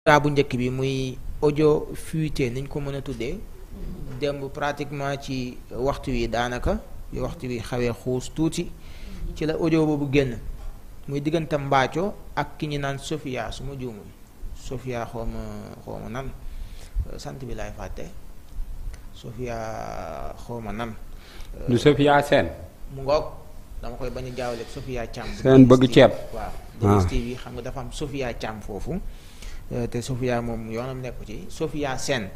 daa bu njëkk bi muy ojo fuité niñ ko mën a tuddee démb pratiquement ci waxtu wi daanaka bi waxtu wi xawee xuus tuuti ci la audio boobu génn muy diggante mbaaco ak ki ñu naan Sofia su ma juumul Sofia xooma xooma nan sant bi laay fàtte Sofia xooma nan du Sofia Seen mu ngoog dama koy bañ a jaawale Sofia Thiam seen bëgg ceeb waaw Denis ah. TV xam nga dafa am Sofia Thiam foofu Euh, te Sofia moom yoonam nekku ci Sofia Sène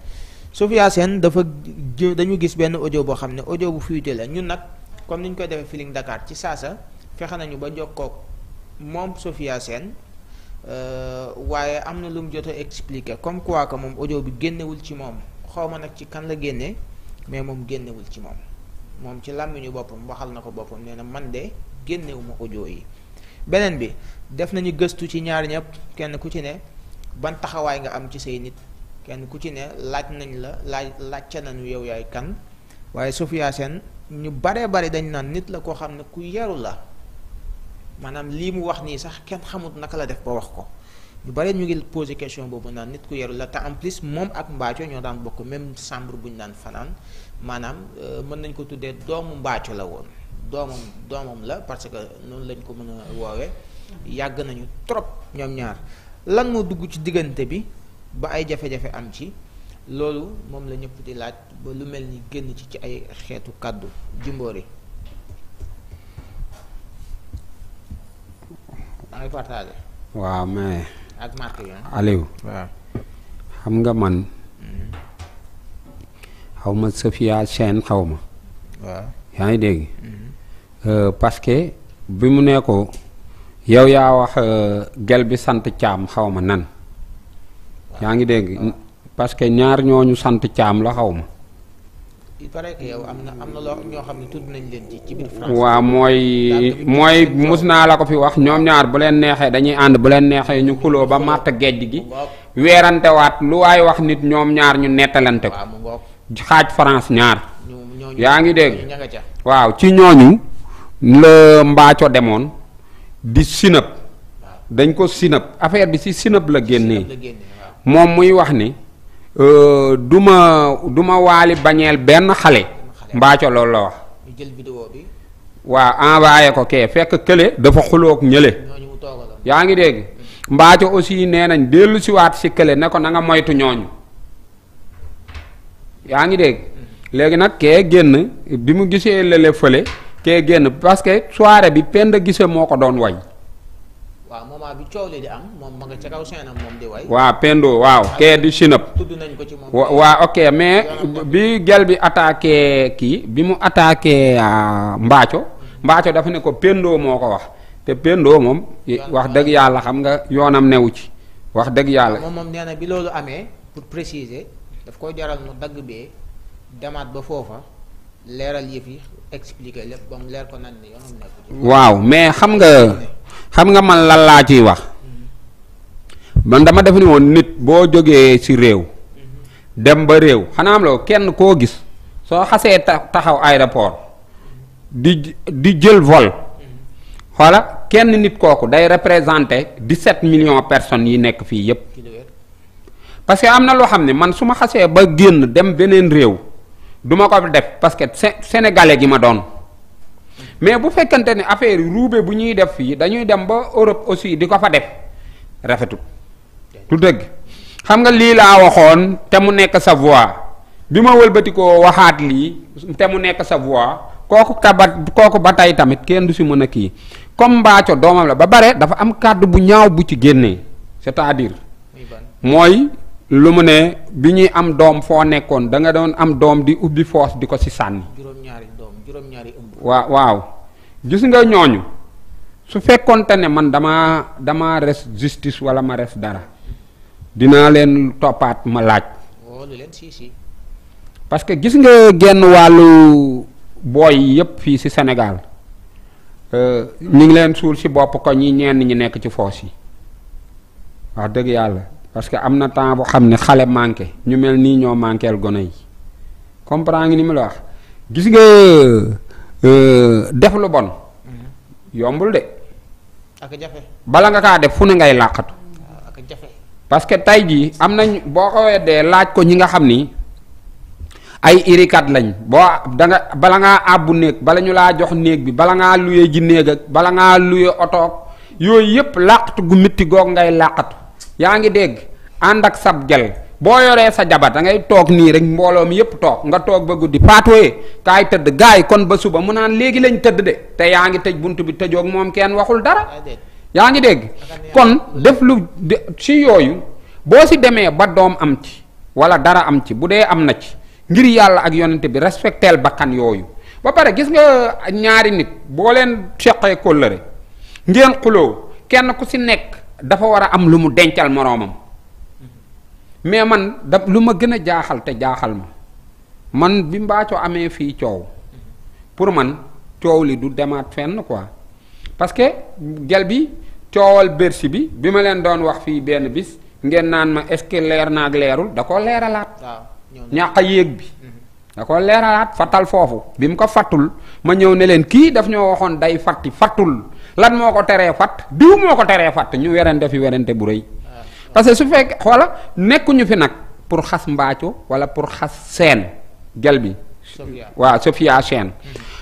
Sofia Sène dafa dañu gis benn audio boo xam ne audio bu fuité ñun nag comme ni ñu koy defee Feeling Dakar ci saasa fexe nañu ba jokkoog moom Sofia Sène euh, waaye am na lu jot a expliqué comme quoi ko moom audio bi génnewul ci moom xaw ma nag ci kan la génne mais moom génnewul ci moom moom ci làmmiñu boppam waxal na ko boppam nee na man de génnewuma ojo yi beneen bi def nañu gëstu ci ñaar ñëpp kenn ku ci ne. ban taxawaay nga am ci say nit kenn ku ci ne laaj nañ la laaj laajte nañu yow yaay kan waaye Sofia Sène ñu baree bari dañ naan nit la koo xam ne ku yaru la maanaam lii mu wax nii sax kenn xamut naka la def ba wax ko ñu bari ñu ngi posé question boobu naan nit ku yaru la te en plus moom ak Mbaaco ñoo daan bokk même chambre bu ñu daan fanaan maanaam euh, mën nañ ko tuddee doomu Mbaaco la woon doomam doomam la parce que noonu lañ ko mën a woowee yàgg nañu trop ñoom ñaar lan moo dugg ci diggante bi ba ay jafe-jafe am ci loolu moom la ñëpp di laaj ba lu mel ni génn ci ci ay xeetu kàddu Jimbori dangay partagé waaw mais ak marque xam nga man mm-hmm. xaw ma Safia Sène xaw ma waaw yaa ngi dégg mm-hmm. euh, parce bi mu nekkoo yow yaa wax euh, gel bi sant caam xaw ma nan yaa ngi dégg ah. parce que ñaar ñooñu sant caam la xaw ma il paraît que xam ne tudd waaw mooy mooy mus naa la ko fi wax ñoom ñaar bu leen neexee dañuy ànd bu leen neexee ñu xuloo ba màtt gejj gi weerantewaat lu waaye wax nit ñoom ñaar ñu nettalante ko xaaj France ñaar yaa ngi dégg waaw ci ñooñu la mbaaco demoon di sinap dañ ko sinap affaire bi si sinap la génnee moom muy wax ni euh, du ma du ma waali bañeel benn xale mbaaco loolu la wax waaw envoyé ko kee fekk kële dafa xuloog ñële yaa ngi dégg mbaaco aussi nee nañ dellu si waat si kële ne ko na moytu ñooñu yaa ngi dégg mm. léegi nag kee génn bi mu gisee lële fële kee génn parce que soirée bi Penda Guissé moo ko doon way. waaw moment bi coow li am moom ma nga ca kaw seenam moom di waaw Pendo kee di sinap. tudd nañ ko ci moom waaw ok mais bi gel bi attaqué kii bi mu attaqué ah, Mbaaco. Mbaaco dafa ne ko pendoo moo ko wax te Pendo moom. wax dëgg yàlla xam nga yoonam newu ci. wax dëgg yàlla moom bi loolu amee pour préciser daf koy jaral mu dagg bee demaat ba foofa. leeral yëf yi expliquer lépp waaw mais xam nga xam nga man lan laa ciy wax mhm. man dama def ni woon nit boo jógee ci réew mhm. dem ba réew xanaa am loo kenn koo gis soo xasee taxaw aéroport di di jël vol mhm. xoola kenn nit kooku day représenté 17 millions personnes yi nekk fii yépp parce que am na loo xam ne man su ma xasee ba génn dem beneen réew. du ma ko def parce que sénégalais gi ma doon mais bu fekkante ne affaire ruube bu ñuy def fii dañuy dem ba Europe aussi di ko fa def rafetul du dëgg xam nga lii laa waxoon te mu nekk sa voix bi ma wëlbatikoo waxaat lii te mu nekk sa voix kooku kabat kooku ba tey tamit kenn du si mën a kii comme Mbathio doomam la ba bare dafa am kàddu bu ñaaw bu ci génnee cest à mooy lu mu ne bi ñuy am doom foo nekkoon danga doon am doom di ubbi foos di ko ci sànni. juróom waaw gis nga ñooñu su fekkonte ne man dama damaa res justice wala ma res dara dinaa leen toppaat ma laaj. wóolu oh, si parce que gis nga genn wàllu booy yépp fii ci Sénégal euh, ñu ngi leen suul si bopp ko ñi ñeen ñi nekk ci foos yi wax dëgg yàlla. parce que am na temps bu xam ne xale manqué ñu mel nii ñoo manqueel gone yi comprendre nga ni mu la wax gis nga euh, def lu bon mhm. yombul de. ak jafe bala nga kaa def fu ne ngay làqatu. ak jafe parce que tey jii am nañ boo ko de laaj ko ñi nga xam ni ay irikat lañ boo da nga bala ngaa àbbu néeg bala ñu laa jox néeg bi bala ngaa luye ji néeg ak bala ngaa luye otoog yooyu yëpp làqatu gu métti goog ngay làqatu. yaa ngi dégg ànd ak sab gel boo yoree sa jabar da ngay toog nii rek mbooloo mi yëpp toog nga toog ba guddi paatoye kaay tëdd gaay kon ba suba mu naan léegi lañ tëdd de te yaa ngi tëj bunt bi tëjoog moom kenn waxul dara yaa ngi dégg kon def lu ci yooyu boo si demee ba doom am ci wala dara am ci bu dee am na ci ngir yàlla ak yonente bi respecteel bakkan yooyu ba pare gis nga ñaari nit boo leen seqee kóllëre ngeen xuloo kenn ku si nekk dafa war a am lu mu dencal moroomam mais man da lu ma gën a jaaxal te jaaxal ma man bi Mbathio amee fii coow pour man coow li du demaat fenn quoi parce que gel bi coowal Bercy bi bi ma leen doon wax fii benn bis ngeen naan ma est leer na ak leerul da ko leeralaat ñàq yéeg bi mhm. da ko leeralaat fattal foofu bi mu ko fattul ma ñëw ne leen kii daf ñoo waxoon day fatti fattul lan moo ko teree fatt diw moo ko teree fatt ñu werante fi werante bu rëy parce que su fekkee xoola nekkuñu fi nag pour xas mbaaco wala pour xas seen gel bi waaw Sofia Sène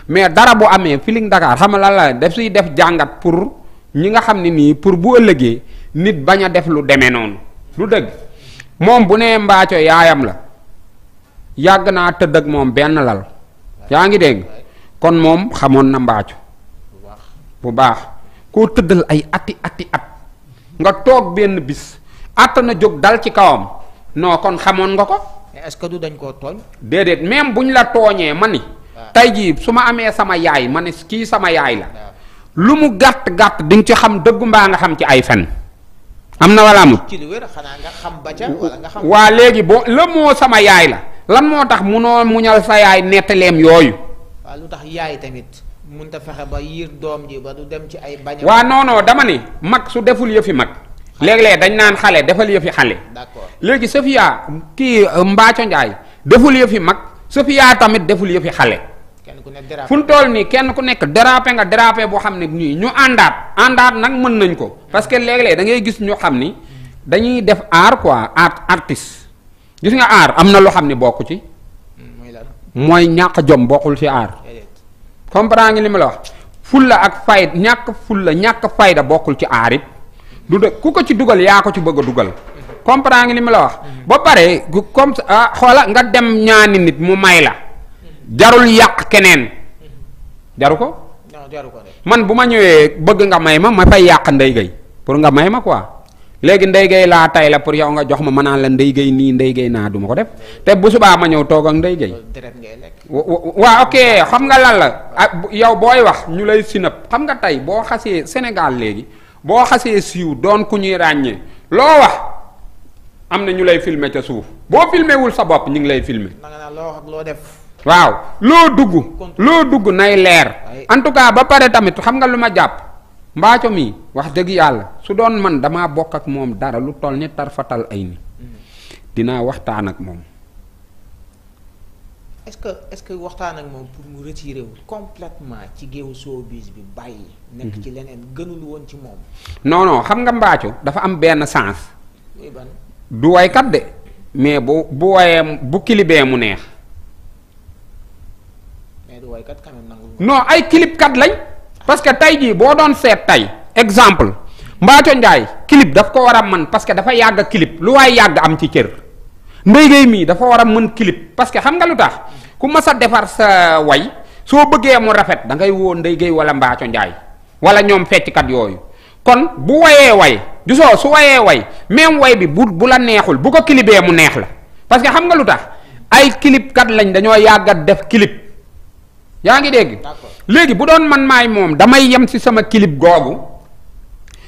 mais dara bu amee Feeling Dakar xam nga lan la def suy def jàngat pour ñi nga xam ne nii pour bu ëllëgee nit bañ a def lu demee noonu lu dëgg moom bu nee mbaaco yaayam la yàgg naa tëdd ak moom benn lal yaa ngi dégg kon moom xamoon na mbaaco bu baax koo tëddal ay ati ati at nga toog benn bis àttana jóg dal ci kawam noo kon xamoon nga ko. est-ce que du dañ koo tooñ. déedéet même bu ñu la tooñee ma ni. Ah. tey jii su ma amee sama yaay ma ni kii sama yaay la. Ah. lu mu gàtt gàtt di ci xam dëggu mbaa nga xam ci ay fen. am na wala amul ci lu waa léegi boo la moo sama yaay la lan moo tax munoo muñal sa yaay nettaleem yooyu. lu tax yaay tamit. mënut a fexe ba yiir doom ji ba du dem ci ay bañ. waaw non non dama ne mag su deful yëfi mag. léeg-léeg dañ naan xale defal yëfi xale. d'accord léegi Sofia kii euh, Mbathio Ndiaye deful yëfi mag Sofia tamit deful yëfi xale. kenn ku nekk dérapé fu mu nii kenn ku nekk dérapé nga dérapé boo xam ne nii ñu àndaat àndaat nag mën nañ ko parce que léeg-léeg da ngay gis ñu xam ni dañuy def art quoi art artiste gis nga art am na loo xam ne bokku ci. mooy ñàkk jom bokkul ci art. comprend nga li ma la wax fulla ak fayda ñàkk ful la ñàkk fayda bokkul ci aar du de ku ko ci dugal yaa ko ci bëgg a dugal comprend nga li ma la wax ba pare comme ah xoola nga dem ñaani nit mu may la jarul yàq keneen jaru ko man bu ma ñëwee bëgg nga may ma ma fay yàq ndey gay pour nga may ma quoi léegi ndeygay laa tay la pour yow nga jox ma mënaan la gëy nii ndey ndeygay naa du ma ko def te bu subaa ma ñëw toog ak ndey ndeygay waa ok xam nga lan la ah, yow booy wax ñu lay sinap xam nga tey boo xasee Sénégal léegi boo xasee siiw doon ku ñuy ràññee loo wax am na ñu lay filmer ca suuf boo filmer wul sa bopp ñu ngi lay filmer loo loo def. waaw loo dugg loo dugg nay leer en tout cas ba pare tamit xam nga lu ma jàpp mbaaco mi wax dëgg yàlla su doon man damaa bokk ak moom dara lu toll ni tarfatal ay ni mm-hmm. dinaa waxtaan ak moom est-ce que est-ce que waxtaan ak moom pour mu retirer wu complètement ci géewu biis bi bàyyi. Mhm. nekk ci leneen gënul woon ci moom. non xam nga mbaaco dafa am benn sens. du woykat de mais bu bu wayee bu kilibee mu neex. mais du waykat quand ay kilibkat lañ. parce que tey jii boo doon seet tey exemple mbaaco Ndiaye kilib daf ko war a mën parce que dafa yàgg kilib lu waaye yàgg am ci cër. Ndeye Gueye mii dafa war a mën clip parce que xam nga lu tax ku mas a defar sa way soo bëggee mu rafet da ngay woo Ndeye Gueye wala Mbathio Ndiaye wala ñoom fecckat yooyu kon bu woyee way du soo su wayee way même woy bi bu bu la neexul bu ko clipee mu neex la parce que xam nga lu tax ay clip kat lañ dañoo yàggat def clip yaa ngi dégg léegi bu doon man maay moom damay yem ci sama clip googu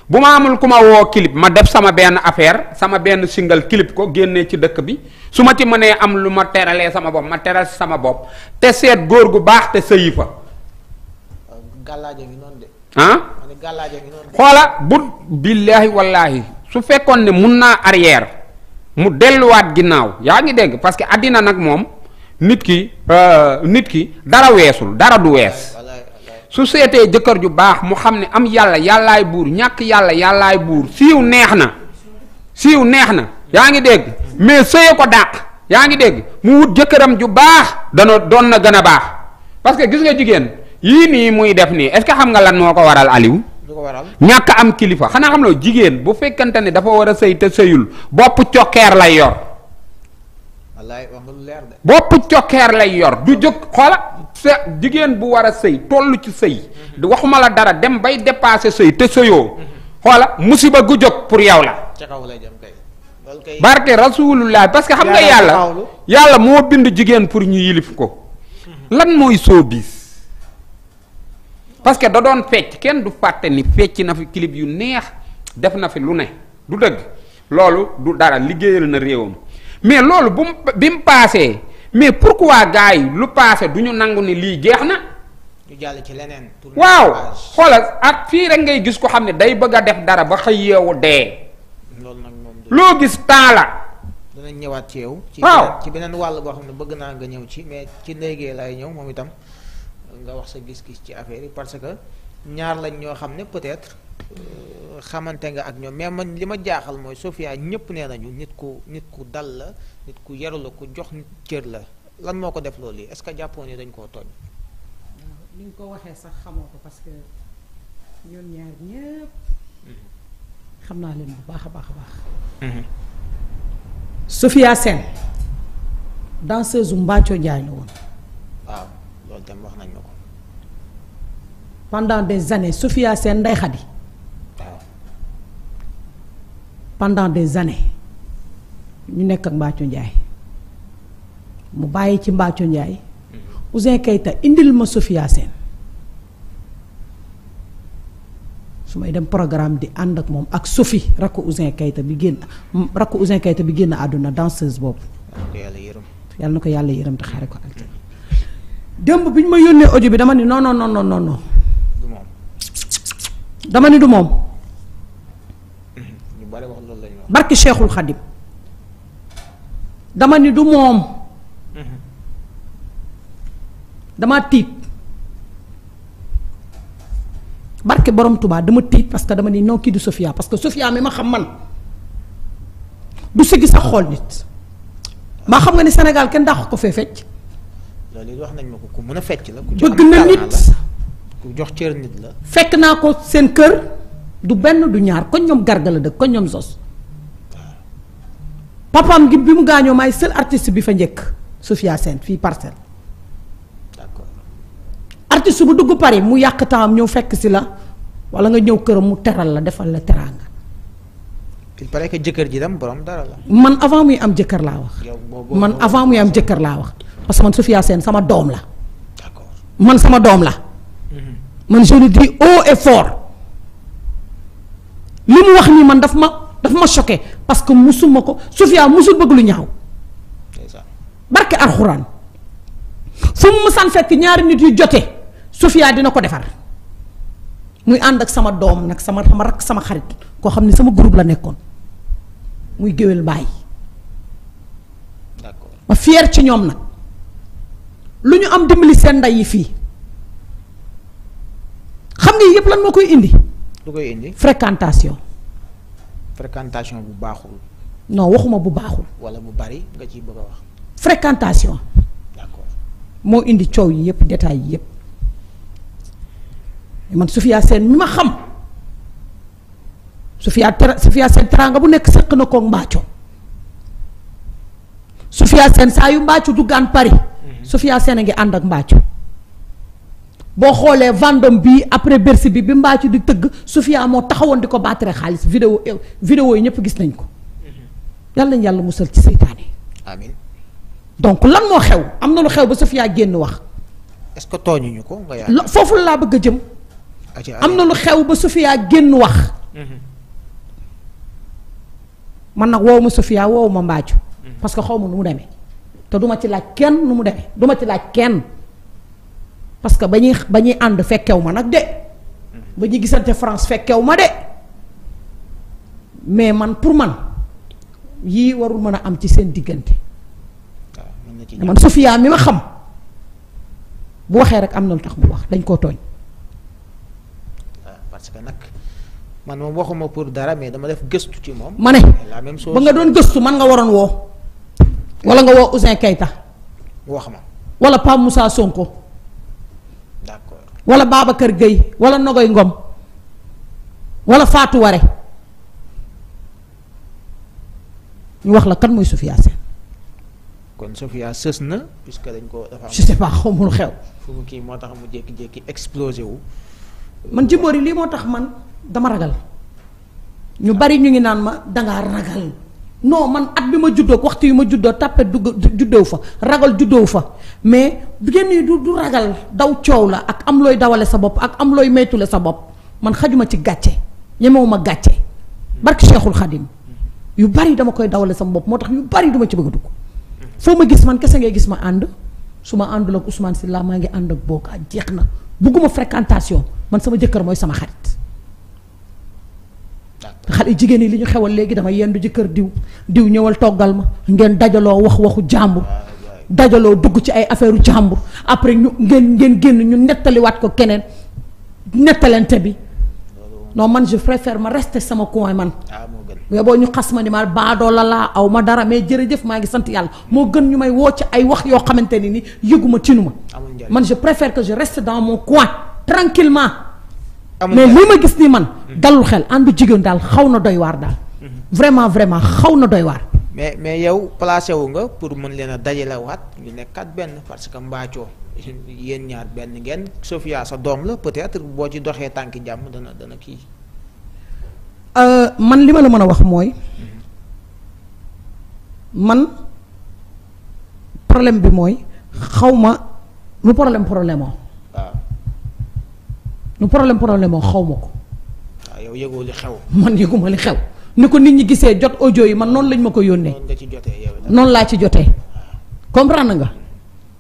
bu ma amul ku ma woo clip ma def sama benn affaire sama benn single clip ko génnee ci dëkk bi su ma ci mënee am lu ma teralee sama bopp ma teral si sama bopp te seet góor gu baax te sëyi fa. gàllaaje gi noonu de. ah gàllaaje gi noonu xoola bu billaahi wallaahi su fekkoon ne mun naa arrière mu delluwaat ginnaaw yaa ngi dégg parce que àddina nag moom nit ki euh, nit ki dara weesul dara du wees. su seetee jëkkër ju baax mu xam ne am yàlla yàllaay buur ñàkk yàlla yàllaay buur siiw neex na siiw neex na yaa ngi dégg mais sëye ko dàq yaa ngi dégg mu wut jëkkëram ju baax dana doon na gën a baax parce que gis nga jigéen yii nii muy def nii est-ce que xam nga lan moo ko waral Aliou ñàkk am kilifa xanaa xam loo jigéen bu fekkante ni dafa war a sëy te sëyul bopp cokkeer lay yor bopp cokkeer lay yor du jóg xoola sa jigéen bu war a sëy toll ci sëy waxuma la dara dem bay dépassé sëy te sëyoo xoola musiba gu jóg pour yow la barke rasulullah parce que xam nga yàlla yàlla moo bind jigéen pour ñu yilif ko lan mooy showbiz parce que da doon fecc kenn du fàtte ni fecc na fi clip yu neex def na fi lu ne du dëgg loolu du dara liggéeyal na réewam mais loolu bu bi mu paasee mais waa gars yi lu paase du ñu nangu ni lii jeex na. ñu jàll ci leneen. waaw xoolal ak fii rek ngay gis ko xam ne day bëgg a def dara ba xëy yeewu dee. loolu nag moom loo gis taala. danañ ñëwaat ci yow. waaw ci beneen wàll boo xam ne bëgg naa nga ñëw ci mais ci ndéygee lay ñëw moom itam nga wax sa gis-gis ci affaire yi parce que ñaar lañ ñoo xam ne peut-être. xamante nga ak ñoom mais man li ma jaaxal mooy Sofia ñëpp nee nañu nit ku nit ku dal la nit ku yaru la ku jox nit la lan moo ko def loolu est-ce que jàppoon dañ koo tooñ ni ko waxee sax xamoo ko parce que ñoom ñaar ñëpp mm-hmm. xam naa leen bu baax a baax a baax mm-hmm. Sofia Sène danseuse u Mbathio Ndiaye woon waaw loolu tam wax nañ ma ko pendant des années Sofia Sène Ndeye Khady pendant des années ñu nekk ak Mbathio Ndiaye mu bàyyi ci Mbathio Ndiaye mm-hmm. Ouzin Keita indil ma Sophia Sène su may dem programme di ànd ak moom ak sofi rakku Ouzin Keita bi génn rakku Ouzin Keita bi génn àdduna danseuse boobu. yàlla na ko yàlla yërëm di xaare ko àll. démb bi ñu ma yónnee ojo bi dama ni non barki Cheikhul Khadim dama ni du moom dama tiit barke borom Touba dama tiit parce que dama ni non kii du Sofia parce que Sofia mi ma xam man du siggi sax xool nit maa xam nga ni Sénégal kenn dàq ko fee fecc wax nañ ma ko ku mën a fecc la ku bëgg na nit ku jox cër nit la fekk naa ko seen kër du benn du ñaar koñ ñoom garga la dëkk kon ñoom sos papaam gi bi mu gaañoo maay seul artiste bi fa njëkk Sophia Sène fii parcelle d'accord artiste bu dugg Paris mu yàq temps ñëw fekk si la wala nga ñëw këram mu teral la defal la teraanga. il que jëkkër ji dem borom dara man avant muy am jëkkër laa wax. man avant muy am jëkkër laa wax parce que man Sophia sama doom la. man sama doom la. Mhm. man je le dis haut et li mu wax nii man daf ma daf ma choqué parce que musuma ko Sofia musul bëgg lu ñaaw. barke alxuraan fu mu musaan fekk ñaari nit yu jote Sofia dina ko defar muy ànd ak sama doom nag sama sama rakk sama xarit koo xam ne sama groupe la nekkoon muy géwél bàyyi. d'accord ma fier ci ñoom nag lu ñu am dimbali seen ndey yi fii xam nga yëpp lan moo koy indi. lu koy indi fréquentation. fréquentation bu baaxul. non waxuma bu baaxul. wala bu bari nga ciy bëgg wax. fréquentation. d'accord moo indi coow yi yëpp détails yi yëpp man Sophia Sène mi ma xam Sophia tra Sophia Sène teraanga bu nekk sëq na koog mbaaco Sophia Sène saa yu mbaaco duggaan Paris. Mhm. Sophia Sène a ngi ànd ak mbaaco. boo xoolee Vendôme bi après Bercy bi bi mbaa ci di tëgg Sofia moo taxawoon di ko baatare xaalis vidéo eh, vidéo yi ñëpp gis nañ ko mhm. yàlla nañ yàlla musal ci seytaane donc lan moo xew am na lu xew ba Sofia génn wax est-ce que tooñuñu ko nga foofu laa bëgg a jëm am na lu xew ba Sofia génn wax mhm. man nag woowu ma Sofia woowu ma mbaaju mhm. parce que xaw ma nu mu demee te duma ci laaj kenn nu mu demee duma ci laaj kenn parce que ba ñuy ànd fekkew ma nag de mm-hmm. ba ñuy gisante France fekkew ma de mais man pour man yii warul mën a am ci seen diggante ah, man Sofia mi ma xam bu waxee rek am na lu tax mu wax dañ koo tooñ ah, parce que nag man moom waxuma pour dara mais dama def gëstu ci moom ma ne ba nga doon gëstu man nga waroon woo wala nga woo Ouzin Keita wax ma wala Pape musaa Sonko wala Babacar Gueye wala Nogoy Ngom wala Fatou ñu wax la kan mooy Sophia Sène kon Sophia sës na puisque dañ ko dafa am xew fu kii moo tax mu jékki-jékki explosé wu man Jimbori lii moo tax man dama ragal ñu bari ñu ngi naan ma dangaa ragal non man at bi ma juddoo waxtu yu ma juddoo tàppet dugg juddoo fa ragal juddoo fa mais yenn yi du du ragal daw coow la ak am looy dawale sa bopp ak am looy maytule sa bopp man xajuma ci gàcce ñemewuma gàcce barki Cheikhul Khadim yu bari dama koy dawale sama bopp moo tax yu bari duma ci bëgg dugg foo ma gis man kese ngay gis ma ànd su ma àndul ak si Sylla maa ngi ànd ak Boka jeex na bugguma fréquentation man sama jëkkër mooy sama xarit xale jigéen yi li ñu xewal léegi dama yendu ci kër diw diw ñëwal toggal ma ngeen dajaloo wax waxu jàmbur dajaloo dugg ci ay affaire jàmbur après ñu ngeen ngeen génn ñu nettaliwaat ko keneen nettalante bi non man je préfère ma rester sama coin man ah, boo ñu xas ma ni ma baadoo la laa aw ma dara mais jërëjëf maa ngi sant yàlla moo gën ñu may woo ci ay wax yoo xamante ne ni yëguma tinu ma man je préfère que je reste dans moo coin tranquillement mais li ma gis ni man. dalul xel àndu jigéen daal xaw na doy waar daal. vraiment vraiment xaw na doy waar. mais mais yow placé wu nga pour mën leen a dajalewaat ñu nekkat benn parce que mbaacoo yéen ñaar benn ngeen Sofia sa doom la peut-être boo ci doxee tànki jàmm dana dana kii. Euh, man li ma la mën a wax mooy man problème bi mooy xaw ma lu problème problème oo nu problème problème moo xaw ma ko. Ah, yow yëgoo li xew. man yëguma li xew ni ko nit ñi gisee jot ojo yi man noonu lañ ma ko yónnee. noonu nga ci jotee yow noonu laa ci jotee. comprendre nga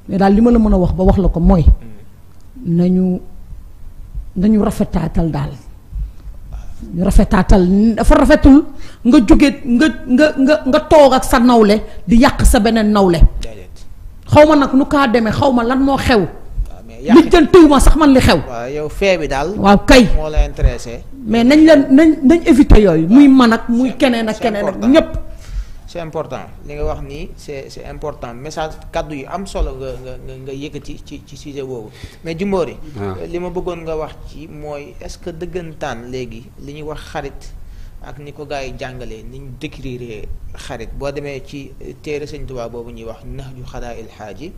mais daal li ma la mën a wax ba wax la ko mooy. nañu nañu rafetaatal daal. rafetaatal dafa rafetul nga jóge nga nga nga nga toog ak sa nawle di yàq sa beneen nawle. xaw ma nag nu kaa demee xaw ma lan moo xew. lijjantiwuma sax man li xew. waaw yow fee bi daal. waaw kay moo la intéressé. mais nañ leen nañ nañ éviter yooyu. muy man ak muy keneen ak keneen ak ñëpp. c'est important li nga wax nii c'est c'est important message kàddu yu am solo nga nga nga yëkkati ci ci sujet boobu mais Jimbori ah. li ma bëggoon nga wax ci mooy est-ce que dëggantaan léegi li ñuy wax xarit ak ni ko gars yi jàngalee ni ñu décrire xarit boo demee ci eh, téere Sëñ Tuubaa boobu ñuy wax Nahju Xadaa il Xaaji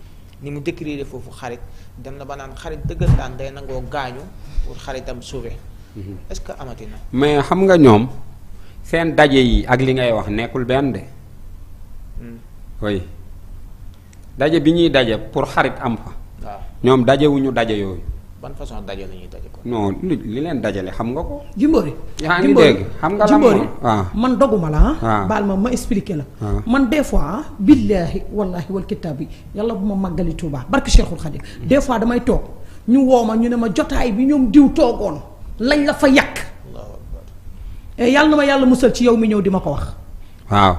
ni mu décrire foofu xarit dem na ba naan xarit dëggantaan day nangoo gaañu pour xaritam sauver. Mhm. est que amati mais xam nga ñoom seen daje yi ak li ngay wax nekkul benn de. Hmm. oui daje bi ñuy daje pour xarit am fa. waaw ñoom dajewuñu daje yooyu. ban façon daje la ñuy daje li leen dajale xam nga ko. Jimbori. yaa ngi dégg xam nga lan moom ah. man doguma la ah. ah. baal ma ma expliqué la. Ah. man des fois billahi wallahi wal kitaab bi yàlla bu ma màggali Tuubaa barki Cheikhul Khadim. des fois damay toog ñu woo ma ñu ne ma jotaay bi ñoom diw toogoon lañ la fa yàq. Eh, yàlla na ma yàlla musal ci yow mi ñëw di ma ko wax. waaw.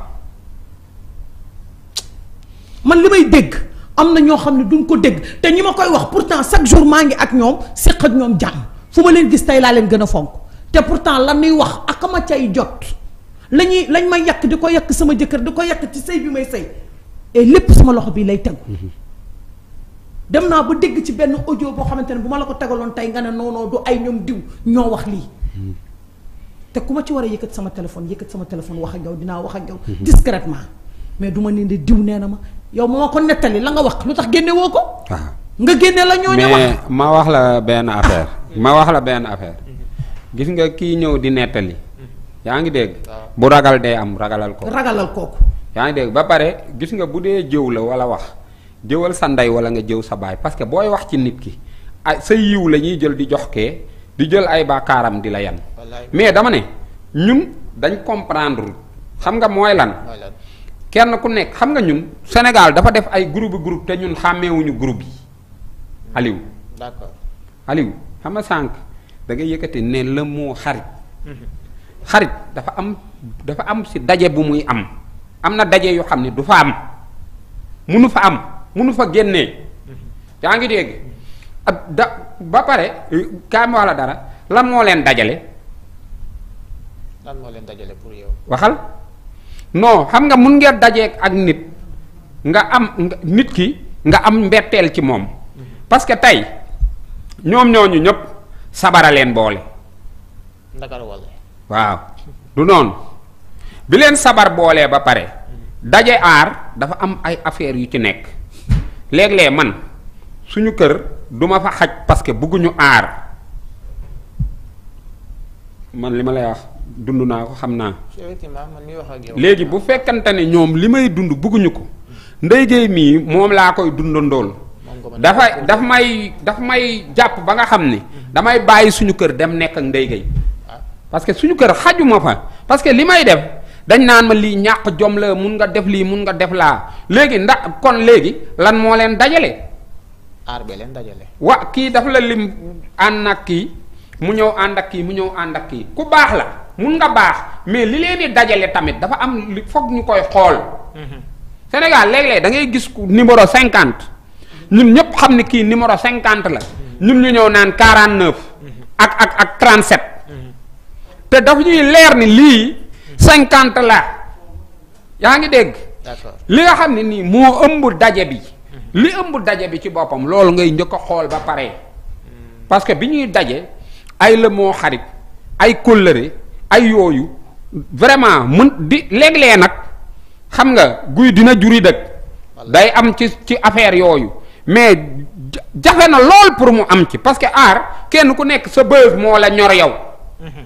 man li may dégg. am na ñoo xam ne duñ ko dégg te ñu ma koy wax pourtant chaque jour maa ngi ak ñoom séq ak ñoom jàmm fu ma leen gis tey laa leen gën a fonk te pour pourtant la nuy wax ak ma cay jot la ñuy lañ may yàq di ko yàq sama jëkkër di ko yàq ci sëy bi may sëy lépp suma loxo bii lay tegu. Mhm. dem naa ba dégg ci benn audio boo xamante ne bu ma la ko tegaloon tey nga ne noonoo du ay ñoom diw ñoo wax lii. Mhm. te ku ma ci war a yëkkat sama téléphone yëkkat sama téléphone wax ak yow dinaa wax ak yow. Mhm. discrètement mais du ma ne diw nee na ma yow moo ko nettali la nga wax lu tax génne woo ko. Ah. nga génne la ñooñu wax mais ma wax la benn affaire. ma wax la benn affaire. gis nga kii ñëw di nettali. yaa ngi dégg. bu ragal day am ragalal kooku. ragalal kooku. yaa ngi dégg ba pare gis nga bu dee jëw la wala wax jëwal sa ndey wala nga jëw sa baay parce que booy wax ci nit ki ay sa yiw la ñuy jël di jox kee di jël ay baakaaram di la yan. mais dama ne ñun dañ comprendre xam nga mooy lan. kenn ku nekk xam nga ñun Sénégal dafa def ay groupe group te ñun xàmmeewuñu groupe yi Aliou. d'accord Aliou xam nga sànq da ngay yëkkati ne la moo xarit. xarit dafa am dafa am si daje bu muy am am na daje yoo xam ne du fa am munu fa am munu fa génnee. yaa ngi dégg ab da ba pare euh, kaam dara lan moo leen dajale. lan moo leen dajale pour yow. waxal. non xam nga mun ngeen dajeek ak nit nga am nit ki nga am mbetteel ci moom parce que tey ñoom ñooñu ñëpp sabara leen boole. waaw du noonu bi leen sabar boolee ba pare daje aar dafa am ay affaires yu ci nekk léeg man suñu kër duma fa xaj parce que bëgguñu aar man li ma lay wax. dund naa ko xam naa. léegi bu fekkante ne ñoom li may dund bugguñu ko. Ndeye Gueye mii moom laa koy dundandool. dafa daf may daf may jàpp ba nga xam ni mhm. damay bàyyi suñu kër dem nekk ak Ndeye ah. parce que suñu kër xajuma fa parce que li may def dañ naan ma lii ñàq jom la mun nga def lii mun nga def laa léegi ndax kon léegi lan moo leen dajale. aar dajale. wa kii dafa la lim ànd nag kii mu ñëw ànd ak kii mu ñëw ànd ak kii ku baax la. mun nga baax mais li leen di dajale tamit dafa am li foog ñu koy xool. Mhm. Sénégal léeg-léeg da ngay gis ku numéro cinquante ñun ñëpp xam ne kii numéro cinquante la ñun ñu ñëw naan quarante neuf mhm. ak ak ak trente sept mhm. te dafa ñuy leer ni lii cinquante la yaa ngi dégg. li nga xam ne nii moo ëmb daje bi. li ëmb daje bi ci boppam loolu ngay njëkk a xool ba pare parce que bi ñuy daje ay la moo xarit ay kóllëre. ay yooyu vraiment mun di léeg nag xam nga guy dina juri dëkk day am ci ci affaire yooyu mais jafe na lool pour mu am ci parce que aar kenn ku nekk sa bës moo la ñor yow mm-hmm.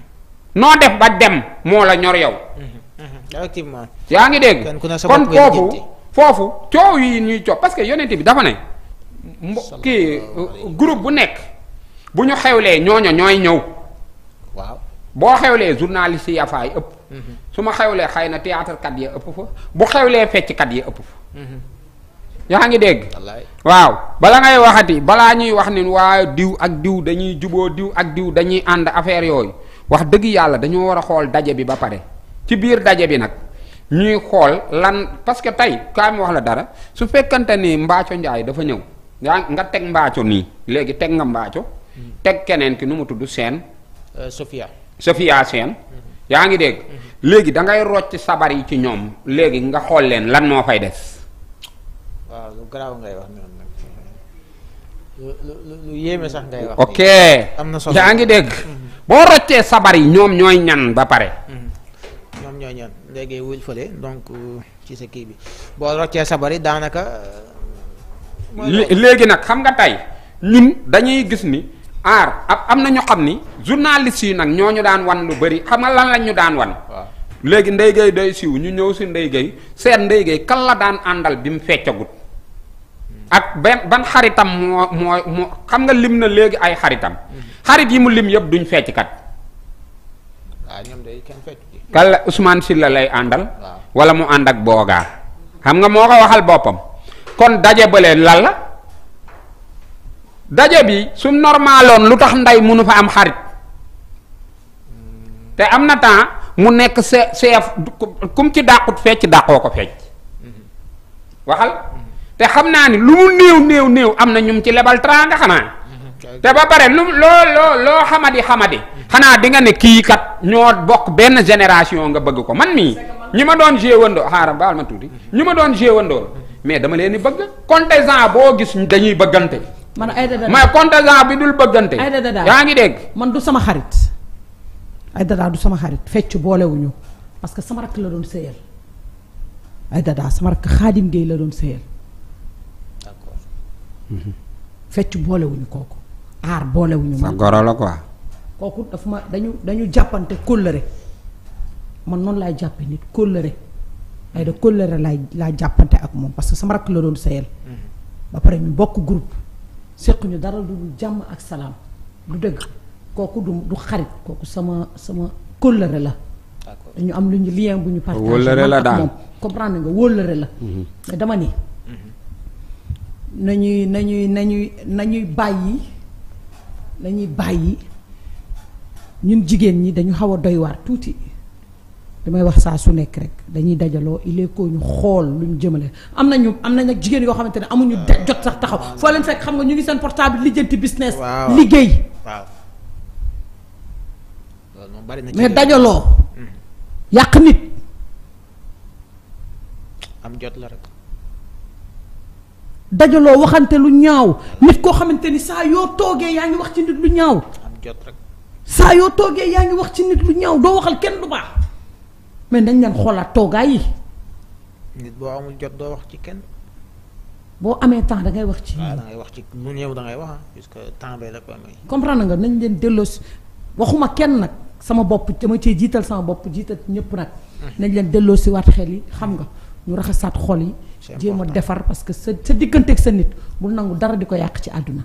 noo def ba dem moo la ñor yow mm-hmm. effectivement yaa ngi dégg kon foofu foofu coow yi ñuy coow parce que yonent bi dafa ne kii groupe bu nekk bu ñu xewlee ñooño ñooy ñëw waaw boo xewlee journaliste yi afaay ëpp mhm. su ma xewlee xay na théâtre kat ya ëpp fa bu xewlee fecc kat ya ëpp fa mhm. yaa ngi dégg waaw bala ngay yi balaa ñuy wax ni waa diw ak diw dañuy juboo diw ak diw dañuy ànd affaire yooyu wax dëgg yàlla dañoo war a xool daje bi ba pare ci biir daje bi nag ñuy xool lan parce que tey kaay ma wax la dara su fekkante ni mbaaco njaay dafa ñëw yaa nga teg mbaato nii léegi teg nga mbaaco mhm. teg keneen ki nu mu tudd seen euh, Sofia safiya seen yaa ngi dégg léegi da ngay rocc sabar yi ci ñoom léegi nga xool leen lan moo fay des. ngay wax noonu ok am na solo yaa ngi dégg. Mhm. boo roccee sabar yi ñoom ñooy ñan ba pare. Mhm. ñoom ñooy ñan léegi wul fële donc euh, ci sa kii bi boo roccee sabar yi daanaka. Euh, léegi nag xam nga tey ñun dañuy gis ni. aar ab am na ñu xam ni journaliste yi nag ñoo ñu daan wan lu bari xam nga lan lañ ñu daan wan. léegi Ndeye Gueye day siiw ñu ñëw si Ndeye Gueye seet Ndeye Gueye kan la daan àndal bi mu feccagut hmm. ak benn ban xaritam moo moo moo xam nga lim na léegi ay xaritam. Hmm. xarit yi mu lim yëpp duñ fecckat. waaw ah, ñoom day kenn fecc. la lay àndal. wala mu ànd ak boogaa xam nga moo ko waxal boppam kon daje bële lan la. daje bi sum normaloon lu tax ndey mënu fa am xarit te am na temps mu nekk chef kum ci dàqut fecc dàqoo ko fecc waxal te xam naa ni lu mu néew néew néew am na ñum ci lebal teraanga xanaa te ba pare lu loo loo loo xamadi xamadi xanaa di nga ne kii kat ñoo bokk benn génération nga bëgg ko man mii ñi ma doon joué wandoo xaaral baal ma tuuti ñi ma doon joué wandoo mais dama leen di bëgg contingent boo gis dañuy bëggante man ay dada mais contingent bi dul ngi dégg. man du sama xarit ay dada du sama xarit fecc boolewuñu parce que sama rakk la doon sëyal ay dada sama doon sëyal. Mhm. fecc boolewuñu kooku boolewuñu. sa quoi. kooku daf ma dañu dañu jàppante kóllëre man laay jàppe nit kóllëre ay da kóllëre laay laa jàppante ak moom parce que sama rakk la doon sëyal. Mhm. ba pare ñu bokk groupe. séquñu dara du jàmm ak salaam du dëgg kooku du du xarit kooku sama sama kóllëre la ñu am lu ñu lien bu ñu partage wóllëre la daal moom comprendre nga wóllëre la mhm. mais dama ni nañuy mhm. nañuy nañuy nañuy bàyyi nañuy bàyyi ñun jigéen ñi dañu xaw a doy tuuti damay wax saa su nekk rek dañuy dajaloo il ñu xool luñ jëmale am nañu am nañ nag jigéen yoo xamante ne amuñu jot sax taxaw foo leen fekk ñu ngi seen portable lijjanti business. liggéey. waaw bari na dajaloo. Hmm. yàq nit. am jot la rek. dajaloo waxante lu ñaaw nit koo xamante ni saa yoo toogee yaa ngi wax ci nit lu ñaaw. am jot rek. saa yoo toogee yaa ngi wax ci nit lu ñaaw doo waxal kenn du baax. mais nañ leen xoolaat toogaay yi. nit boo amul jot doo wax ci kenn. boo amee temps da ngay wax ci. waaw da wax ci mu da ngay wax puisque temps bee la nga nañ leen delloosi waxuma kenn nag sama bopp dama cee jiital sama bopp jiital ñëpp nag. Mm. nañ leen delloosi waat xel yi xam nga ñu raxasaat xol yi. jéem a defar parce que sa sa digganteeg sa nit bul nangu dara di ko yàq ci àdduna.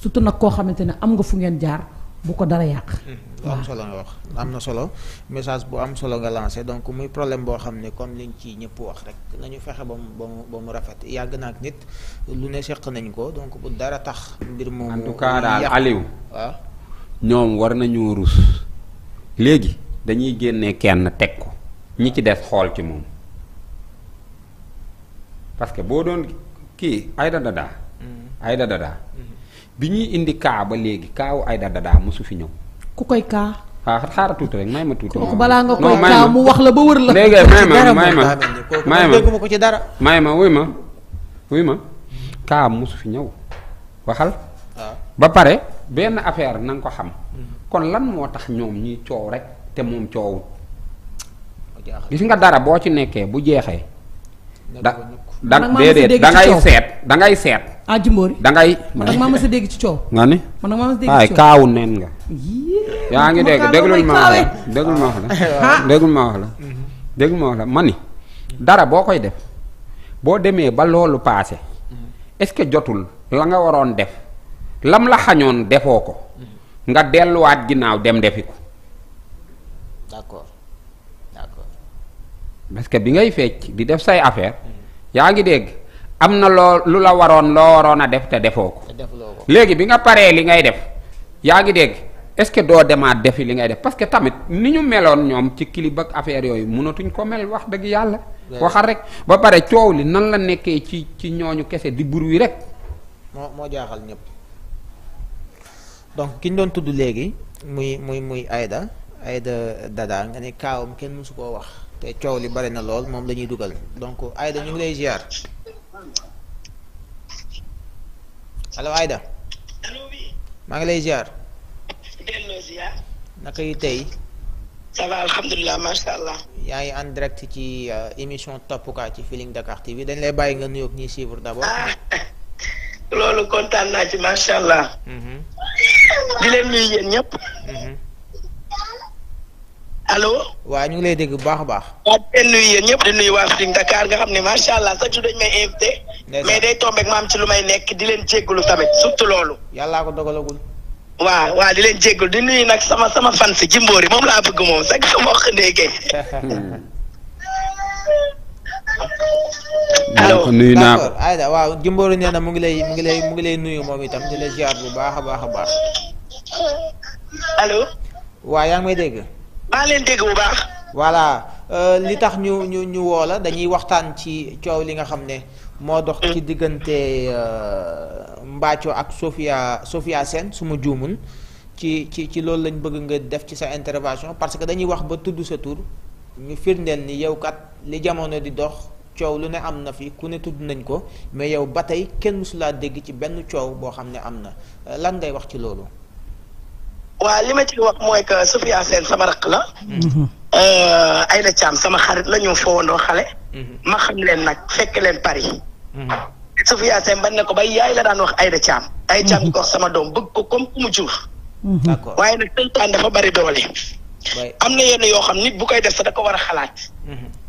surtout nag koo xamante ne am nga fu ngeen jaar bu ko dara yàq. Mm-hmm. lu am solo nga wax am na solo message bu am solo nga lancé donc muy problème boo xam ne comme liñ ci ñëpp wax rek nañu fexe ba mu ba rafet yàgg na ak nit lu ne seq nañ ko donc bu dara tax mbir moomu en tout cas daal Aliou ah. ñoom war nañoo rus léegi dañuy génne kenn teg ko ñi ci des xool ci moom parce que boo doon kii Aïda Dada mm. Aïda Dada mm-hmm. bi ñuy indi kaa ba léegi kaawu Aïda Dada mosu fi ñëw ku koy kaa. ah xaaral tuuti rek may ma tuuti. kooku balaa nga koy kaa mu wax la ba wër la. léegi may ma ko ci dara. may ma wuy ma wuy ma kaa mosu fi ñëw waxal. Ah. ba pare benn affaire na ko xam. kon lan moo tax ñoom ñuy coow rek te moom coowut. gis nga dara boo ci nekkee bu jeexee. da da déedéet da seet da ngay seet. ah Jimbori da ngay. man nag maa mës dégg ci coow. nga ni man nag maa mës dégg ci coow neen nga. yaa ngi dégg déggul ma wax la déggul ma wax la mhm. ni dara boo koy def boo demee ba loolu paase mhm. est-ce que jotul la nga waroon def lam la xañoon defoo ko mhm. nga delluwaat ginnaaw dem defi ko. d'accord parce que bi ngay fecc di def say affaire yaa ngi dégg. am na loo lu la waroon loo waroon a def te defoo ko léegi bi nga paree li ngay def yaa ngi dégg est-ce que doo demaat defi li ngay def parce que tamit ni ñu meloon ñoom ci kiliba ak affaire yooyu mënatuñ ko mel wax dëgg yàlla waxal rek ba pare coow li nan la nekkee ci ci ñooñu kese di bur wi rek moo moo jaaxal ñëpp donc ki ñu doon tudd léegi muy muy muy ayda Aïda Dada nga ne kaawam kenn mësu koo wax te coow li bari na lool moom la ñuy dugal donc Aïda ñu ngi lay ziar allo Aida. maa ngi lay ziar. delloo ziar. naka yi tey. ça alhamdulilah macha allah. yaa ngi en direct ci euh, émission Top Cas ci Feeling Dakar TV dañ lay bàyyi nga nuyoog ñuy suivre d' abord. Ah, loolu kontaan naa ci macha allah. Mhm. di leen nuyu yéen ñëpp. Mhm. alo waaw ñu ngi lay dégg bu baax a baax. waaw di ñëpp di nuyu waa nga xam ne macha allah chaque jour dañ may invité. mais day tombé ak maam ci lu may nekk di leen jéggalu tamit surtout loolu. yàllaa ko waaw waaw di leen jéggalu di nuyu nag sama sama fan si Jimbori moom laa bëgg moom chaque jour moo xëndéegee. nuyu naa ko ayda waaw Jimbori na mu ngi lay mu ngi lay mu ngi lay nuyu moom itam di la ziar bu baax a a baax. allo. waaw yaa may dégg. maa leen dégg bu baax. voilà euh, li tax ñu ñu ñu woo dañuy waxtaan ci coow li nga xam ne moo dox ci diggante euh, Mbathio ak Sophia Sophia Sène su ma juumul ci ci ci loolu lañ bëgg nga def ci sa intervention parce que dañuy wax ba tudd sa tur ñu firndeel ni yow kat li jamono di dox coow lu ne am na fi ku ne tudd nañ ko mais yow ba tey kenn mësulaa dégg ci benn coow boo xam ne am na euh, lan ngay wax ci loolu. waa li ma ci wax mooy que Sophia Sène sama rakk la. Euh, Aïda Thiam sama xarit lañu ñu fowandoo xale. Mhm. ma xam leen nag fekk leen Paris. Mhm. Sophia Sène ban ne ko bay yaay la daan wax Aïda Thiam. Aïda Thiam di mhm. ko wax sama doom bëgg ko comme ku mu jur. d'accord waaye nag seytaan dafa bari doole. am na yenn yoo xam nit bu koy def sa da ko war a xalaat.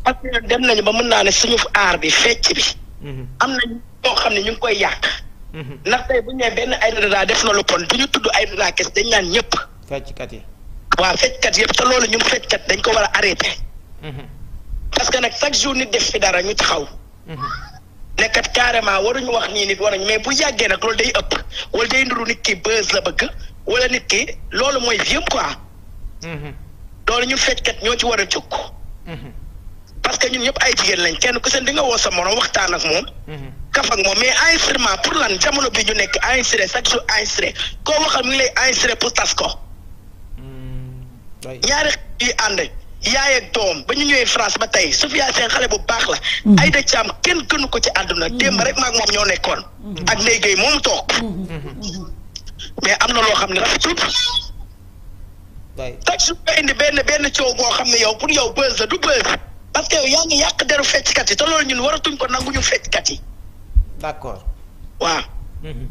parce que dem nañu ba mën naa ne suñu aar bi fecc bi. am na ñoo xam ne ñu ngi koy yàq. Mm-hmm. ndax tey bu ñu nee benn Aïda Dada def na lu kon du ñu tudd ay Dada kes dañ naan ñëpp. fecckat yi. waaw fecckat yëpp te loolu ñun fecckat dañ ko war a arrêté. Mm-hmm. parce que nag chaque jour nit def fi dara ñu taxaw. Mm-hmm. nekkat carrément waruñu wax nii nit waruñu mais bu yàggee nag loolu day ëpp wala day nduru nit ki buzz la bëgg wala nit ki loolu mooy vieux quoi. loolu ñu fecckat ñoo ci war a jóg. parce que ñun ñëpp ay jigéen lañ kenn ku seen di nga woo sa waxtaan ak moom. Mhm. kaf ak moom mais enregistrement pour lan jamono bi ñu nekk enregistré chaque jour enregistré koo waxal mu ngi lay pour tas ko. Mhm. ñaari yi ànd yaay ak doom ba ñu ñëwee France ba tey Sofia seen xale bu baax la. Mhm. Aïda Thiam kenn gënu ko ci àdduna démb rek maak moom ñoo nekkoon. ak Ndeye Gueye moom toog. mais am na loo xam ne rafetul. waay chaque indi benn benn coow boo xam ne yow pour yow buzz du parce que yow yaa ngi yàq deru fecckat yi te loolu ñun waratuñ ko nanguñu fecckat yi. d' accord. waaw. Mhm.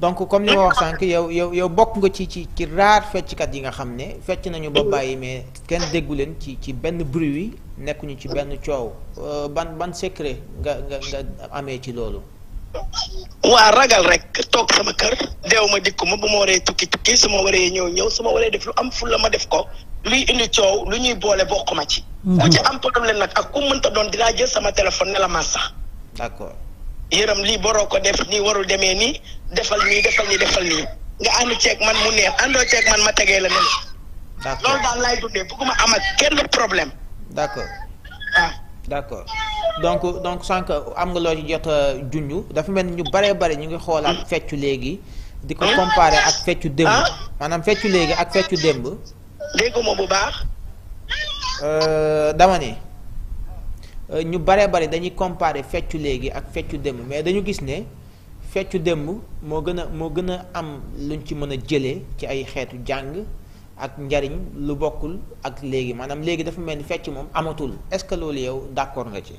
donc comme ni ma wax sànq yow yow yow bokk nga ci ci ci raar fecckat yi nga xam ne fecc nañu ba bàyyi mais kenn déggu leen ci ci benn bruit yi nekkuñu ci benn coow euh, ban ban secret nga nga nga amee ci loolu. waa ragal rek toog sama kër deew ma dikku ma bu ma waree tukki tukki su ma waree ñëw ñëw su ma waree def lu am fulla ma def ko luy indi coow lu ñuy boole bokk ci. Mhm. ku ci am problème nag ak ku mënta doon dinaa jël sama téléphone ne la man sax d'accord yërëm lii boroo ko def nii warul demee nii defal nii defal nii defal nii nga ànd ceeg man mu neex àndoo ceeg man ma tegee la ne loolu daal laay dundee bëgguma am ak kenn problème d'accord waaw ah. d'accord donc donc sànq am nga loo ci jot dafa mel ni ñu baree bari ñu ngi xoolaat hmm. feccu léegi di ko hmm? comparer ak feccu démb ah? maanaam feccu léegi ak feccu démb dégguma bu baax Euh, dama ni euh, ñu bare bari dañuy comparer feccu léegi ak feccu démb mais dañu gis ne feccu démb moo gën a moo gën a am lu luñ ci mën a jëlee ci ay xeetu jàng ak njariñ lu bokkul ak léegi maanaam léegi dafa mel ni fecc moom amatul est-ce que loolu yow d'accord nga ci.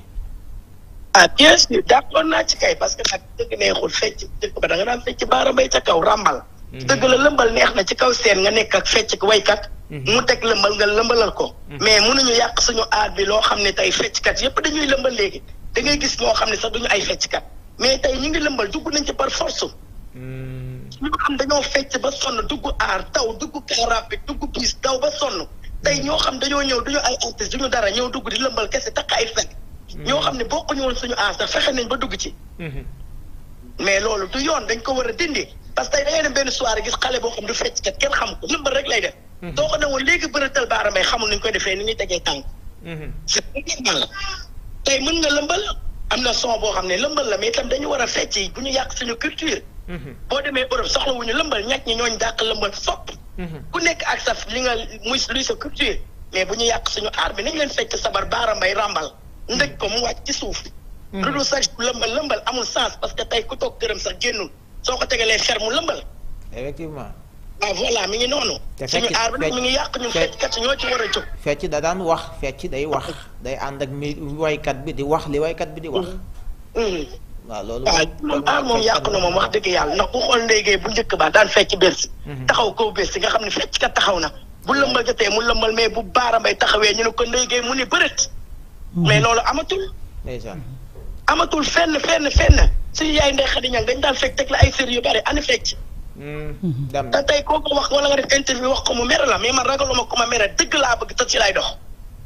ah bien sûr d'accord naa ci kay parce que nag neexul fecc dëgg ba da nga daan fecc baara mbay ca kaw ràmbal. Mhm. dëgg la lëmbal neex na ci kaw seen nga nekk ak fecc ak waykat. Mhm. mu teg lëmbal nga lëmbalal ko. Mhm. mais mun mënuñu yàq suñu aar bi loo xam ne tey fecckat yépp dañuy lëmbal léegi dangay gis ñoo xam ne sax duñu ay fecckat mais tey ñu ngi lëmbal dugg nañ ci par force. Hmm. ñu xam dañoo fecc ba sonn dugg aar taw dugg car rapide dugg bis taw ba sonn tey ñoo xam dañoo ñëw duñu ay artiste duñu dara ñëw dugg di lëmbal kese takk ay hmm. ñoo xam ne bokkuñu woon suñu aar sax fexe nañ ba dugg ci. Hmm. mais loolu du yoon dañ ko war a dindi parce que tey da ngay a benn soirée gis xale boo xam du fecckat kenn xam lëmbal rek lay def. soo ko ne woon léegi bëratal baara may xamul nuñ koy defee ni ñuy tegee tànk mhm. c'est normal tey mën nga lëmbal am na son boo xam ne lëmbal la mais tam dañu war a fecc yi bu ñu yàq suñu culture mhm. boo demee Europe soxlawuñu lëmbal ñàkk ñi ñooñ dàq lëmbal fopp mhm. ku nekk ak sa li nga muy sa culture mais bu ñu yàq suñu aar bi nañ leen fecc sabar baara mbay ràmbal ndëj ko mu wàcc ci suuf lu dul sax lëmbal lëmbal amul sens parce que tey ku toog këram sax génnul soo ko tegalee fer mu lëmbal effectivement ah voilà mi ngi noonu. te fecc suñu aar bi mi ngi yàq ñun fecckat ñoo ci war a jóg. fecc da daan wax fecc day wax day ànd ak mi woykat bi di wax li waykat bi di wax. Mm-hmm. waaw loolu ah, moom aar moom ah, yàqu na moom wax dëgg yàlla ndax bu xool ndéygee bu njëkk ba daan fecc Bercy. Mm-hmm. taxaw kaw si nga xam ne fecckat taxaw na. bu lëmbal jotee mu lëmbal mais bu baaram mbay taxawee ñu ne ko ndéygee mu ni bërët. mais mm-hmm. loolu amatul. ndeysaan amatul fenn fenn fenn suñu yaay ndey xadi ñang dañ daan fecc teg ay sër yu bari ana fecc te tey koo ko wax wala nga def interview wax ko mu mer la mais man ragaluma ko ma mer dëgg laa bëgg te ci lay dox.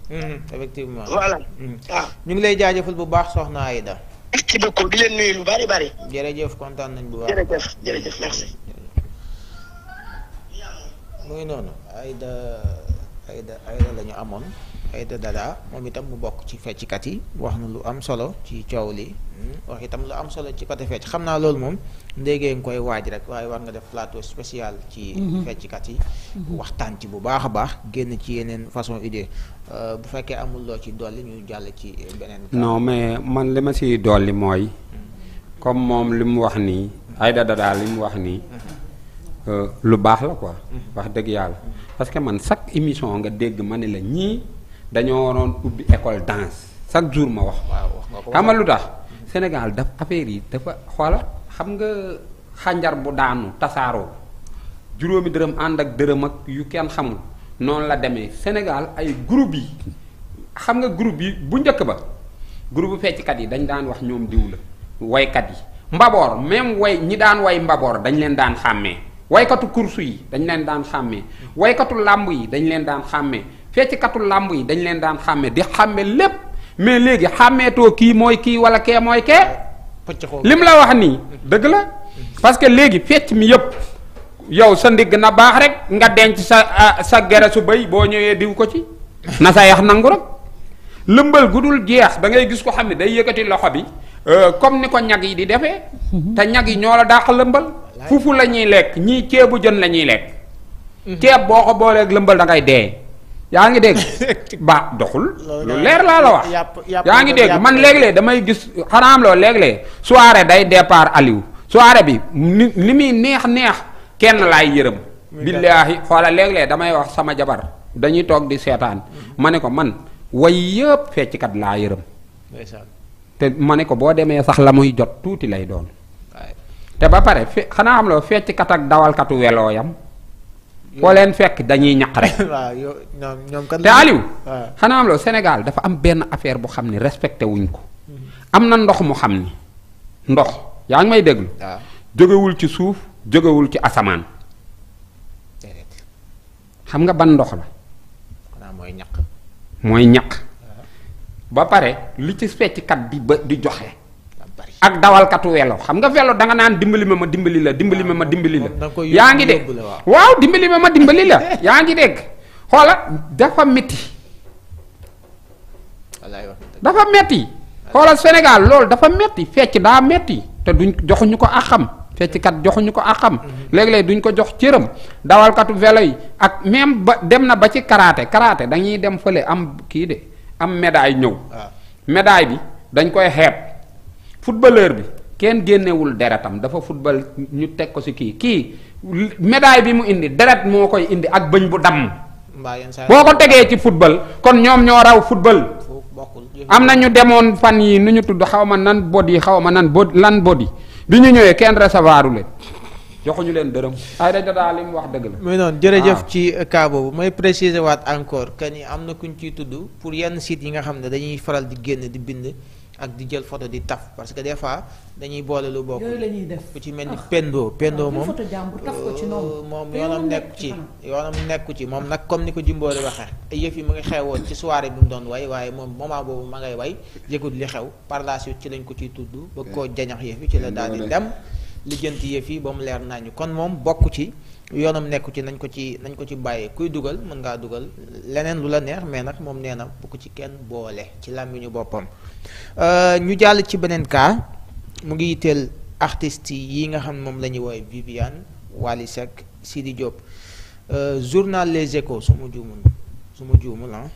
Hmm, effectivement voilà. waaw hmm. ah. ñu ngi lay jaajëfal bu baax soxna Aïda. merci beaucoup di leen nuyu lu bari bari. jërëjëf kontaan nañ bu baax jërëjëf jërëjëf merci. muy noonu Aïda Aïda Aïda la amoon. Aïda Dada moom itam mu bokk ci fecckat yi wax na lu am solo ci coow li wax itam lu am solo ci côté fecc xam naa loolu moom ndéegee nga koy waaj rek waaye war nga def plateau spécial ci mhm. fecckat yi mhm. waxtaan ci bu baax a baax génn ci yeneen façon idée euh, bu fekkee amul loo ci dolli ñu jàll ci beneen non mais man li ma si dolli mooy comme moom li mu wax nii Aïda Dada li mu wax nii euh, lu baax la quoi mhm. wax dëgg yàlla parce man chaque émission nga dégg ma ne dañoo waroon ubbi école danse chaque jour ma wax. waaw xam lu tax. Sénégal daf affaire yi dafa xoola xam nga xànjar bu daanu tasaaroo juróomi dërëm ànd ak dërëm ak yu kenn xamul noonu la demee Sénégal ay groupe yi xam nga group yi bu njëkk ba groupe fecckat yi dañ daan wax ñoom diw la waykat yi mbaboor même woy ñi daan way mbaboor dañ leen daan xàmmee woykatu kursu yi dañ leen daan xàmmee woykatu làmb yi dañ leen daan xàmmee katu làmb yi dañ leen daan xàmme di xàmme lépp mais léegi xàmmeetoo kii mooy kii wala kee mooy kee. lim la wax nii dëgg la parce que léegi fecc mi yëpp yow sa ndigg na baax rek nga denc sa ah, sa gere su béy boo ñëwee diw ko ci na sa yax nangu rek lëmbal gu dul jeex da ngay gis ko xam ne day yëkkati loxo bi euh, comme ni ko ñag yi di defee mhm. te ñag yi ñoo la dàq lëmbal fufu la ñuy lekk ñii ceebu jën la ñuy lekk mhm. ceeb boo ko booleeg lëmbal da ngay dee yaa ngi dégg ba doxul. lu leer laa la wax. yaa ngi dégg man léeg-léeg damay gis xanaa am loo léeg-léeg soirée day départ Aliou soirée bi ni li muy neex neex kenn laay yërëm. billaahi xoola léeg-léeg damay wax sama jabar dañuy toog di seetaan mm-hmm. ma ne ko man way yëpp fecckat laa yërëm. te ma ne ko boo demee sax la muy jot tuuti lay doon. te ba pare fe xanaa am loo fecckat ak dawalkatu welooyam. foo leen fekk dañuy ñaq rek. waaw te Aliou. xanaa am loo Sénégal dafa am benn affaire bu xam ni respecté wuñ ko. am na ndox mu xam ni ndox yaa ngi may déglu. jógewul ci suuf jógewul ci asamaan. xam nga ban ndox la. mooy ñaq. mooy ñaq. ba pare li ci fecckat di ba di joxe. ak dawalkatu welo xam nga welo danga naan dimbali ma ma dimbali la dimbali ma ma dimbali la yaa ngi dégg waaw dimbali ma ma dimbali la yaa ngi dégg xoola dafa métti dafa metti xoolal Sénégal loolu dafa metti fecc daa metti te duñ joxuñu ko ak xam fecckat joxuñu ko ak xam mhm. léeg-léeg duñ ko jox cëram dawalkatu welo yi ak même ba dem na ba ci karaate karaate dañuy dem fële am kii de am medaay ñëw ah. medaay bi dañ koy xeeb footballeur bi kenn génnewul deretam dafa football ñu teg ko ci kii kii médaille bi mu indi deret moo koy indi ak bëñ bu damm. boo ko tegee ci football kon ñoom ñoo raw football. am na ñu demoon fan yi nu ñu tudd xaw ma nan body xaw ma nan bod lan body bi ñu ñëwee kenn recevoiru leen joxuñu leen dërëm ay dañ daal mu wax dëgg la. muy noonu jërëjëf ah. ci cas boobu may préciser waat encore que ni am na ku ñu ciy tudd pour yenn sites yi nga xam ne dañuy faral di génn di bind. ak di jël photo di taf parce que des fois dañuy boole lu bokk. def ku ci mel ni Pendo. Ah. Pendo moom euh, moom yoonam nekku ci. yoonam nekku ci moom nag comme ni ko Jimboori waxee. yëf yi mu ngi xewoon ci soirée bi mu doon way waaye moom moment boobu ma ngay way yëgut li xew par ci lañ ko ciy tudd. ba koo jañax yëf yi ci la daal di dem. lijjanti yëf yi ba mu leer kon moom bokk ci. yoonam nekku ci nañ ko ci nañ ko ci bàyyi kuy dugal mën ngaa dugal leneen lu la neex mais nag moom nee na bu ko ci kenn boole ci làmmiñu boppam Euh, ñu jàll ci beneen cas mu ngi yitteel artistes yi nga xam moom la ñuy woowee Viviane Wally Seck Sidi Diop euh, journal Les Échos su ma juumul su ma juumul ah